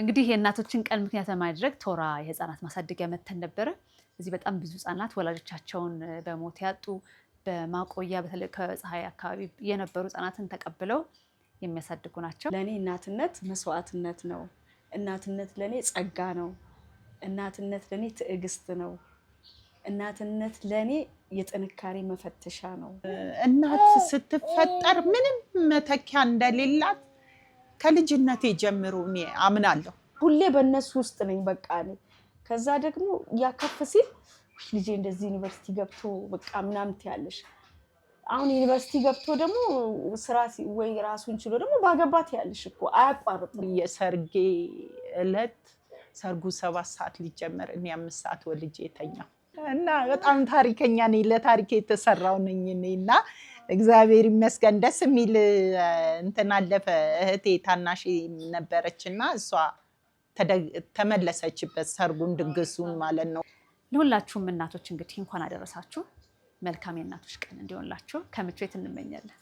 እንግዲህ የእናቶችን ቀን ምክንያት በማድረግ ቶራ የህፃናት ማሳደጊያ መተን ነበረ። እዚህ በጣም ብዙ ህፃናት ወላጆቻቸውን በሞት ያጡ በማቆያ በተለይ ከፀሐይ አካባቢ የነበሩ ህፃናትን ተቀብለው የሚያሳድጉ ናቸው። ለእኔ እናትነት መስዋዕትነት ነው። እናትነት ለእኔ ጸጋ ነው። እናትነት ለእኔ ትዕግስት ነው። እናትነት ለእኔ የጥንካሬ መፈተሻ ነው። እናት ስትፈጠር ምንም መተኪያ እንደሌላት ከልጅነቴ ጀምሮ እኔ አምናለሁ። ሁሌ በእነሱ ውስጥ ነኝ በቃ እኔ ከዛ ደግሞ ያከፍ ሲል ልጄ እንደዚህ ዩኒቨርሲቲ ገብቶ በቃ ምናምን ትያለሽ። አሁን ዩኒቨርሲቲ ገብቶ ደግሞ ስራ ወይ ራሱን ችሎ ደግሞ ባገባት ያለሽ እኮ አያቋርጥም። የሰርጌ እለት ሰርጉ ሰባት ሰዓት ሊጀመር እኔ አምስት ሰዓት ወልጄ የተኛው እና በጣም ታሪከኛ ነኝ። ለታሪክ የተሰራው ነኝ እኔ እና እግዚአብሔር ይመስገን ደስ የሚል እንትን አለፈ። እህቴ ታናሽ ነበረች እና እሷ ተመለሰችበት ሰርጉን፣ ድግሱን ማለት ነው። ለሁላችሁም እናቶች እንግዲህ እንኳን አደረሳችሁ። መልካም የእናቶች ቀን እንዲሆንላችሁ ከምቾት እንመኛለን።